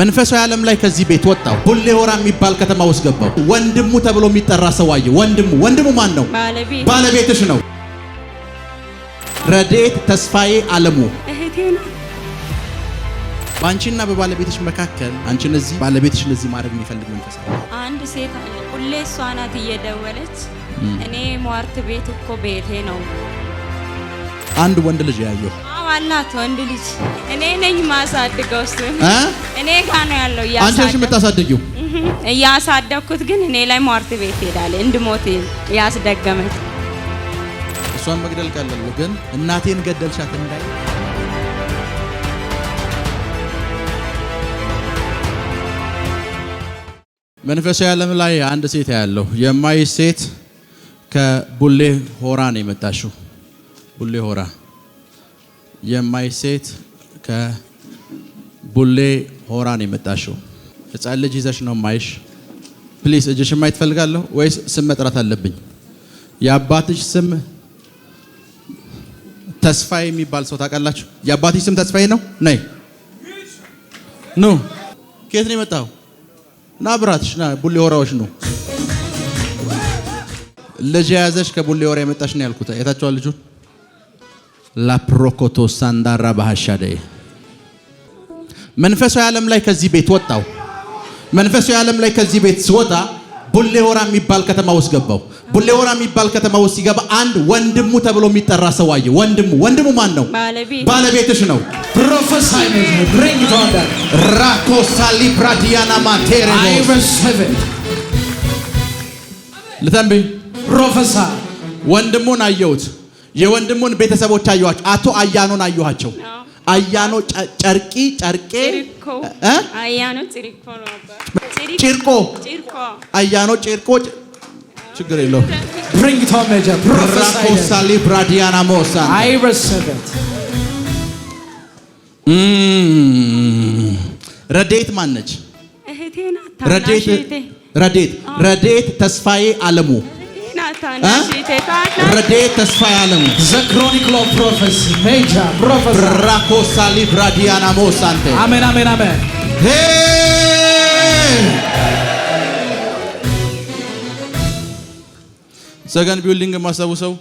መንፈሳዊ ዓለም ላይ ከዚህ ቤት ወጣው። ቡሌ ሆራ የሚባል ከተማ ውስጥ ገባው። ወንድሙ ተብሎ የሚጠራ ሰው አየሁ። ወንድሙ ወንድሙ ማን ነው? ባለቤትሽ ነው። ረዴት ተስፋዬ አለሙ በአንቺና በባለቤትሽ መካከል አንቺን እዚህ ባለቤትሽን እዚህ ማድረግ የሚፈልግ መንፈስ አለ። አንድ ሴት አለ ሁሌ እሷ ናት እየደወለች እኔ ሟርት ቤት እኮ ቤቴ ነው። አንድ ወንድ ልጅ ያየሁ አላት ወንድ ልጅ እኔ ነኝ ማሳድገው። እሱ እኔ ጋ ነው ያለው። አንቺ ነሽ የምታሳድጊው? እያሳደግኩት ግን እኔ ላይ ሟርት ቤት ሄዳል እንድሞት ያስደገመች። እሷን መግደል ቀለሉ፣ ግን እናቴን ገደልሻት እንዳይ መንፈሳዊ ዓለም ላይ አንድ ሴት ያለው የማይ ሴት ከቡሌ ሆራ ነው የመጣችው። ቡሌ ሆራ የማይሴት ከቡሌ ሆራን የመጣሽው ህፃን ልጅ ይዘሽ ነው ማይሽ። ፕሊስ እጅሽ ማየት ፈልጋለሁ። ወይስ ስም መጥራት አለብኝ? የአባትሽ ስም ተስፋዬ የሚባል ሰው ታውቃላችሁ? የአባትሽ ስም ተስፋዬ ነው። ነይ ኑ። ከየት ነው የመጣው? ና ብራትሽ ና። ቡሌ ሆራዎች ነው ልጅ የያዘሽ ከቡሌ ሆራ የመጣሽ ነው ያልኩት። የታችኋል ልጁን ላፕሮኮቶ ሳንዳራ ባሻደ መንፈሳዊ ዓለም ላይ ከዚህ ቤት ወጣው። መንፈሳዊ ዓለም ላይ ከዚህ ቤት ስወጣ ቡሌ ሆራ የሚባል ከተማ ውስጥ ገባው። ቡሌ ሆራ የሚባል ከተማ ውስጥ ሲገባ አንድ ወንድሙ ተብሎ የሚጠራ ሰው አየ። ወንድሙ ወንድሙ ማን ነው? ባለቤትሽ ነው። ፕሮፌሳይ ራኮ ሳሊ ፕራዲያና ማቴሬ ልተንብኝ ፕሮፌሳ ወንድሙን አየሁት የወንድሙን ቤተሰቦች አየኋቸው። አቶ አያኖን አየኋቸው። አያኖ ጨርቂ ጨርቄ ጭርቆ አያኖ ጭርቆ ችግር የለው ራኮሳሌ ብራዲያና ሞሳ ረዴት ማነች? ረዴት ተስፋዬ አለሙ ረድኤት ተስፋ ዓለም ራኮሳሊ ብራዲያናሞሳንቴ አሜን አሜን አሜን። ሰገን ቢውልዲንግ የማስታውሰው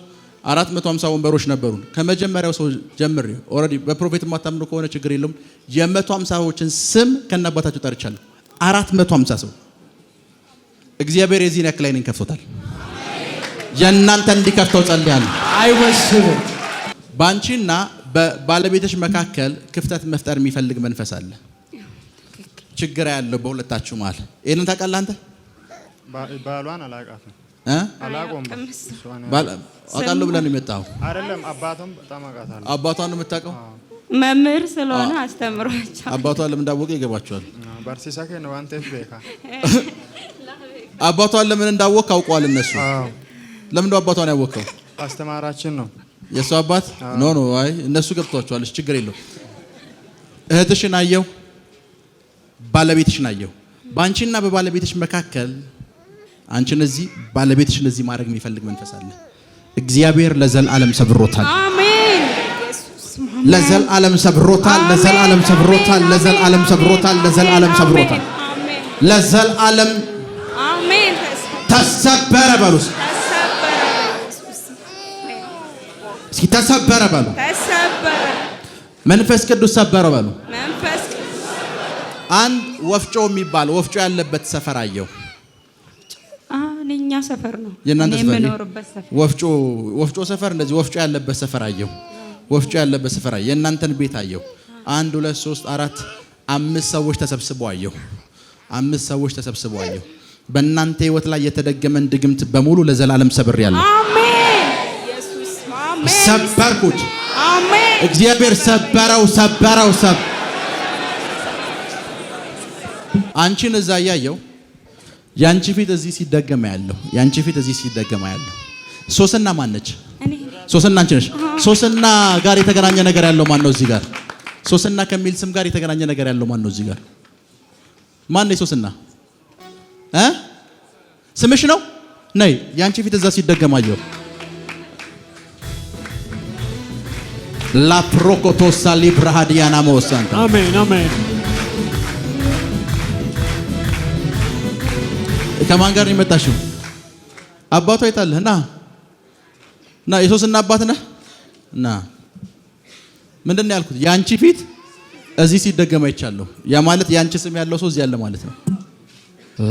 450 ወንበሮች ነበሩን። ከመጀመሪያው ሰው ጀምሬ ኦልሬዲ በፕሮፌት የማታምኑ ከሆነ ችግር የለውም። የ150 ሰዎችን ስም ከነባታቸው ጠርቻለሁ። 450 ሰው እግዚአብሔር የዚህን ያክል አይነኝ ከፍቶታል። የእናንተ እንዲከፍተው ጸልያለሁ። አይወስብም። በአንቺና በባለቤቶች መካከል ክፍተት መፍጠር የሚፈልግ መንፈስ አለ። ችግር ያለው በሁለታችሁ መሀል። ይህንን ታውቃለህ አንተ። ባሏን አላውቃትም ብለን የመጣው አይደለም። አባቷን በጣም አውቃታለሁ። አባቷን የምታውቀው፣ መምህር ስለሆነ አስተምሯቸው። አባቷን ለምን እንዳወቀ ይገባቸዋል። አባቷን ለምን አውቀዋል እነሱ ለምንድን አባቷን ያወቀው? አስተማራችን ነው የእሱ አባት። ኖ ኖ፣ አይ እነሱ ገብቷቸዋል። ችግር የለው። እህትሽን አየሁ፣ ባለቤትሽን አየሁ። በአንቺና በባለቤትሽ መካከል አንቺን እዚህ ባለቤትሽን እዚህ ማድረግ የሚፈልግ መንፈስ አለ። እግዚአብሔር ለዘላለም ሰብሮታል። ለዘላለም ሰብሮታል። ለዘላለም ሰብሮታል። ለዘላለም ሰብሮታል። ለዘላለም ሰብሮታል። ለዘላለም ተሰበረ በሉስ እስኪ ተሰበረ በሉ። መንፈስ ቅዱስ ሰበረ በሉ። መንፈስ ቅዱስ አንድ ወፍጮ የሚባል ወፍጮ ያለበት ሰፈር አየው። እኛ ሰፈር ነው የእናንተ ሰፈር ወፍጮ ወፍጮ ሰፈር እንደዚህ ወፍጮ ያለበት ሰፈር አየው። ወፍጮ ያለበት ሰፈር አየሁ። የእናንተን ቤት አየው። አንድ ሁለት ሶስት አራት አምስት ሰዎች ተሰብስበው አየው። አምስት ሰዎች ተሰብስበው አየው። በእናንተ ህይወት ላይ የተደገመን ድግምት በሙሉ ለዘላለም ሰብሬያለሁ። ሰበርኩት። እግዚአብሔር ሰበረው፣ ሰበረው። ሰብ አንቺን እዛ እያየው ያንቺ ፊት እዚህ ሲደገማ ያለው ያንቺ ፊት እዚህ ሲደገማ ያለው ሶስና ነች? ሶስና አንቺ ነሽ። ሶስና ጋር የተገናኘ ነገር ያለው ማን ነው? እዚህ ጋር ሶስና ከሚል ስም ጋር የተገናኘ ነገር ያለው ማን ነው? እዚህ ጋር ማን ነው? ሶስና እ ስምሽ ነው። ነይ ያንቺ ፊት እዛ ሲደገማየው ላፕሮኮቶሳ ሊብራሃዲያና መወሳንታ አሜን አሜን። ከማን ጋር ነው የመጣሽው? አባቷ አይታለህ እና እና የሶስና አባት ነህ እና ምንድን ነው ያልኩት? የአንቺ ፊት እዚህ ሲደገም አይቻለሁ። ያ ማለት የአንቺ ስም ያለው ሰው እዚህ ያለ ማለት ነው።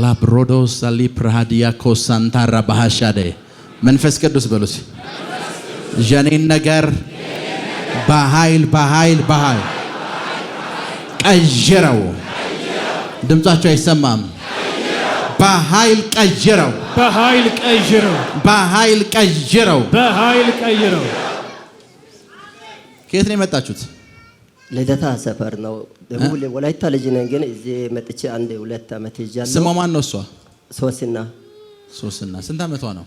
ላብሮዶስ ሊፕራሃዲያ ኮሳንታራ ባሃሻደ መንፈስ ቅዱስ በሉት የኔን ነገር በኃይል በኃይል በኃይል ቀይረው። ድምጻቸው አይሰማም። በኃይል ቀይረው፣ በኃይል ቀይረው፣ በኃይል ቀይረው፣ በኃይል ቀይረው። ከየት ነው የመጣችሁት? ልደታ ሰፈር ነው። ደቡብ ወላይታ ልጅ ነኝ፣ ግን እዚህ መጥቼ አንድ ሁለት ዓመት ይጃለሁ። ስሟ ማን ነው? እሷ ሶስና ሶስና። ስንት ዓመቷ ነው?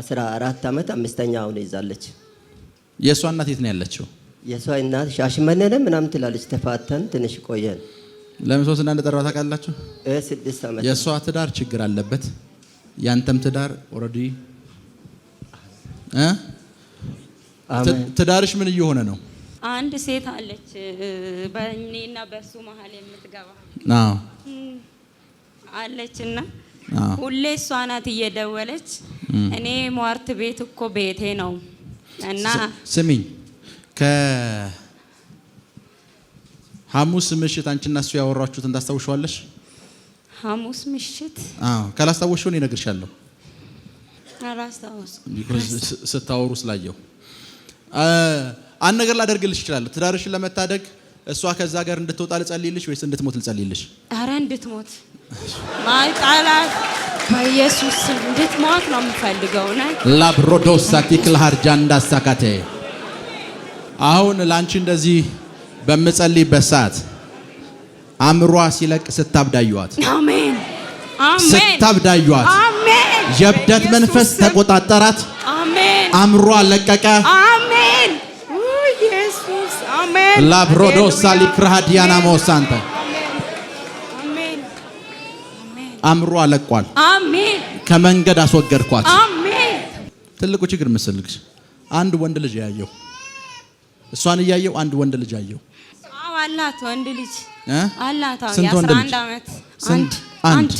አስራ አራት ዓመት አምስተኛ አሁን ይዛለች። የእሷ እናት የት ነው ያለችው? የእሷ እናት ሻሽመኔ ምናምን ትላለች። ተፋተን ትንሽ ቆየን። ለምን ሶስት እና እንደጠራ ታውቃላችሁ? ስድስት ዓመት። የእሷ ትዳር ችግር አለበት። ያንተም ትዳር ኦልሬዲ ትዳርሽ ምን እየሆነ ነው? አንድ ሴት አለች በእኔና በእሱ መሀል የምትገባ አለችና ሁሌ እሷ ናት እየደወለች እኔ ሟርት ቤት እኮ ቤቴ ነው እና ስሚኝ ከሐሙስ ምሽት አንቺና እሱ ያወራችሁትን ታስታውሻለሽ? ሐሙስ ምሽት ካላስታወሽው እኔ እነግርሻለሁ። ስታወሩ ስላየሁ አንድ ነገር ላደርግልሽ ይችላለሁ። ትዳርሽን ለመታደግ እሷ ከዛ ሀገር እንድትወጣ ልጸልይልሽ ወይስ እንድትሞት ልጸልይልሽ? አረ እንድትሞት ማጣላት በኢየሱስ እንድትሞት ነው የምፈልገው። ነ ላብሮዶስ ሳቲክል ሀርጃ አሁን ለአንቺ እንደዚህ በምጸልይበት ሰዓት አእምሯ ሲለቅ ስታብዳዩዋት አሜን፣ ስታብዳዩዋት የእብደት መንፈስ ተቆጣጠራት፣ አእምሯ ለቀቀ። ላብሮዶሳ ሊክራሃዲያናሞ ሳንተ አእምሮ አለቋል። ከመንገድ አስወገድኳት። ትልቁ ችግር ምስልግ አንድ ወንድ ልጅ ያየው እሷን እያየው አንድ ወንድ ልጅ አየው አላት። ወንድ ልጅ አላት። አንድ።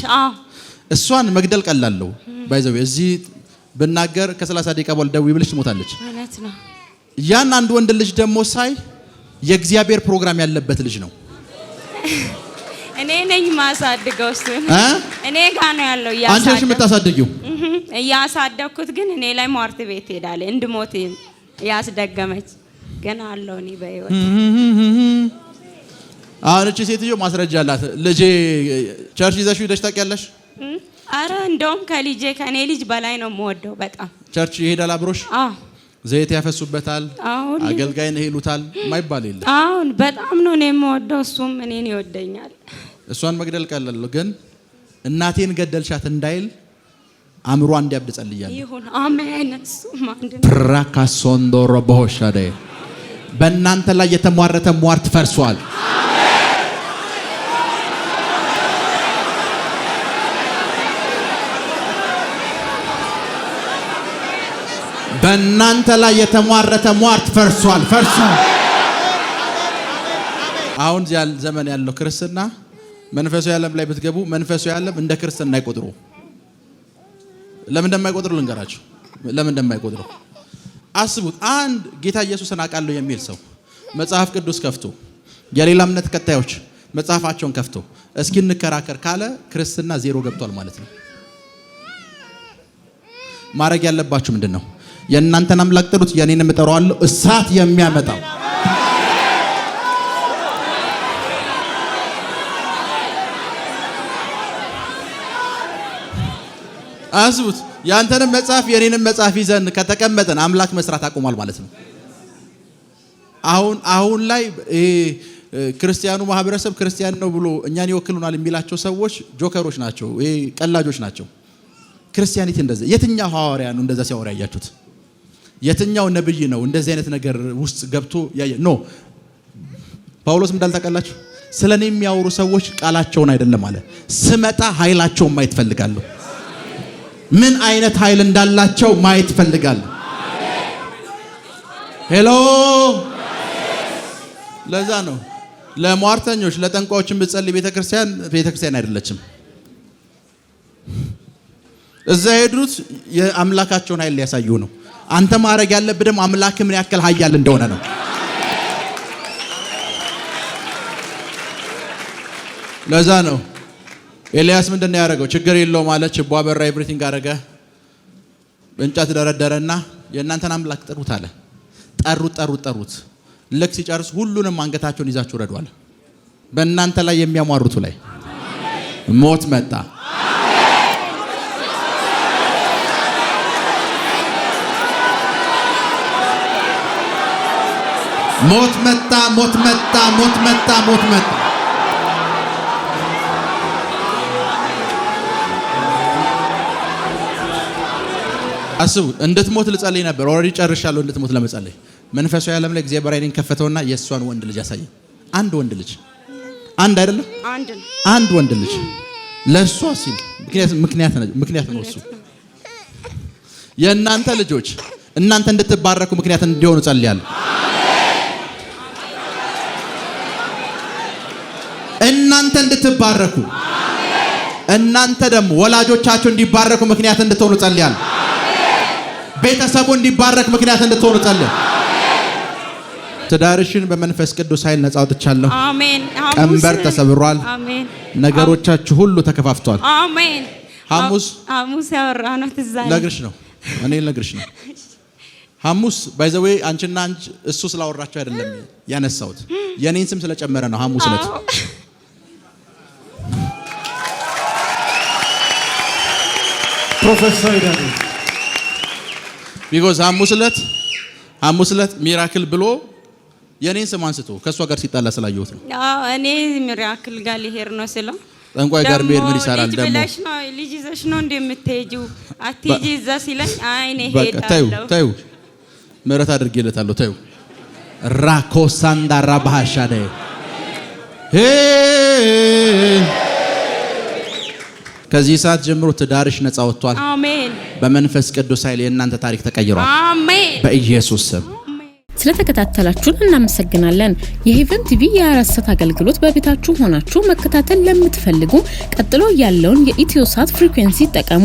እሷን መግደል ቀላለሁ ባይዘው እዚህ ብናገር ከ30 ደቂቃ በኋላ ብልሽ ትሞታለች። ያን አንድ ወንድ ልጅ ደግሞ ሳይ የእግዚአብሔር ፕሮግራም ያለበት ልጅ ነው። እኔ ነኝ ማሳድገው። እሱ እኔ ጋ ነው ያለው። አንቺ ነሽ የምታሳድጊው። እያሳደግኩት ግን እኔ ላይ ሟርት ቤት ሄዳለ እንድሞት ያስደገመች ግን አለው እኔ በህይወት አሁን እቺ ሴትዮ ማስረጃ አላት። ልጄ ቸርች ይዘሽ ሄደሽ ታውቂያለሽ? አረ እንደውም ከልጄ ከኔ ልጅ በላይ ነው የምወደው በጣም ቸርች ይሄዳል አብሮሽ ዘይት ያፈሱበታል። አሁን አገልጋይ ነህ ይሉታል። ማይባል የለም። አሁን በጣም ነው እኔ የምወደው፣ እሱም እኔን ይወደኛል። እሷን መግደል ቀለል ግን እናቴን ገደልሻት እንዳይል አእምሮ እንዲያብድ ጸልያለሁ። ይሁን አሜን። እሱም አንድ ፕራካሶንዶሮ በሆሻደ በእናንተ ላይ የተሟረተ ሟርት ፈርሷል። በእናንተ ላይ የተሟረተ ሟርት ፈርሷል፣ ፈርሷል። አሁን ዘመን ያለው ክርስትና መንፈሳዊ ዓለም ላይ ብትገቡ መንፈሳዊ ዓለም እንደ ክርስትና አይቆጥሩ። ለምን እንደማይቆጥሩ ልንገራችሁ። ለምን እንደማይቆጥሩ አስቡት። አንድ ጌታ ኢየሱስን አውቃለሁ የሚል ሰው መጽሐፍ ቅዱስ ከፍቶ የሌላ እምነት ተከታዮች መጽሐፋቸውን ከፍቶ እስኪ እንከራከር ካለ ክርስትና ዜሮ ገብቷል ማለት ነው። ማድረግ ያለባችሁ ምንድን ነው? የእናንተን አምላክ ጥሩት፣ የኔንም እጠራዋለሁ። እሳት የሚያመጣው አስቡት። ያንተንም መጽሐፍ የኔንም መጽሐፍ ይዘን ከተቀመጠን አምላክ መስራት አቁሟል ማለት ነው። አሁን አሁን ላይ ይሄ ክርስቲያኑ ማህበረሰብ ክርስቲያን ነው ብሎ እኛን ይወክሉናል የሚላቸው ሰዎች ጆከሮች ናቸው፣ ቀላጆች ናቸው። ክርስቲያኒት እንደዛ የትኛው ሐዋርያ ነው እንደዛ ሲያወራ ያያችሁት? የትኛው ነብይ ነው እንደዚህ አይነት ነገር ውስጥ ገብቶ ያየ ኖ ጳውሎስ እንዳልታውቃላችሁ ስለ እኔ የሚያወሩ ሰዎች ቃላቸውን አይደለም አለ። ስመጣ ኃይላቸውን ማየት ፈልጋለሁ። ምን አይነት ኃይል እንዳላቸው ማየት ፈልጋለሁ። ሄሎ ለዛ ነው ለሟርተኞች ለጠንቋዮችን ብትጸልይ ቤተክርስቲያን ቤተክርስቲያን አይደለችም። እዛ የሄዱት የአምላካቸውን ኃይል ሊያሳዩ ነው። አንተ ማድረግ ያለብህ ደግሞ አምላክ ምን ያክል ኃያል እንደሆነ ነው። ለዛ ነው ኤልያስ ምንድን ነው ያደረገው? ችግር የለውም አለ። ችቦ አበራ፣ ኤቭሪቲንግ አደረገ። እንጨት ደረደረና የእናንተን አምላክ ጥሩት አለ። ጠሩት፣ ጠሩት፣ ጠሩት። ልክ ሲጨርስ ሁሉንም አንገታቸውን ይዛችሁ ረዷል። በእናንተ ላይ የሚያሟሩቱ ላይ ሞት መጣ። ሞት መጣ፣ ሞት መጣ፣ ሞት መጣ፣ ሞት መጣ። አስቡ እንድትሞት ልጸልይ ነበር። ኦልሬዲ ጨርሻለሁ። እንድትሞት ለመጸለይ መንፈሳዊ ዓለም ላይ እግዚአብሔር ዓይኔን ከፈተውና የእሷን ወንድ ልጅ ያሳየኝ። አንድ ወንድ ልጅ አንድ አይደለም አንድ ወንድ ልጅ ለእሷ ሲል ምክንያት ምክንያት ነው እሱ። የእናንተ ልጆች እናንተ እንድትባረኩ ምክንያት እንዲሆኑ ጸልያለሁ። እናንተ እንድትባረኩ እናንተ ደግሞ ወላጆቻችሁ እንዲባረኩ ምክንያት እንድትሆኑ ጸልያለሁ። ቤተሰቡ እንዲባረክ ምክንያት እንድትሆኑ ጸልያለሁ። ትዳርሽን በመንፈስ ቅዱስ ኃይል ነጻ አውጥቻለሁ። አሜን። ቀንበር ተሰብሯል። አሜን። ነገሮቻችሁ ሁሉ ተከፋፍቷል። አሜን። ሐሙስ ሐሙስ ያወራነው ትዝ አለኝ። ነግርሽ ነው እኔ ነግርሽ ነው ሐሙስ ባይዘዌ አንቺና አንቺ እሱ ስላወራቸው አይደለም ያነሳሁት የኔን ስም ስለጨመረ ነው ሐሙስ ዕለት ፕሮፌሰር ይዳኔ ቢኮዝ ሐሙስ ዕለት ሐሙስ ዕለት ሚራክል ብሎ የኔን ስም አንስቶ ከእሷ ጋር ሲጣላ ስላየሁት ነው። አዎ እኔ ሚራክል ጋር ሊሄድ ነው ስለው ጠንቋይ ጋር መሄድ ምን ይሰራል? ደግሞ ልጅ ይዘሽ ነው እንደምትሄጂው አትሄጂ እዛ ሲለኝ አይ እኔ እሄዳለሁ። ተይው ምሕረት አድርጌለታለሁ። ተይው ራኮሳንዳ ሄ ከዚህ ሰዓት ጀምሮ ትዳርሽ ነፃ ወጥቷል። አሜን። በመንፈስ ቅዱስ ኃይል የእናንተ ታሪክ ተቀይሯል። አሜን። በኢየሱስ ስም ስለተከታተላችሁን እናመሰግናለን። የሄቨን ቲቪ የአራት አገልግሎት በቤታችሁ ሆናችሁ መከታተል ለምትፈልጉ ቀጥሎ ያለውን የኢትዮሳት ፍሪኩዌንሲ ይጠቀሙ።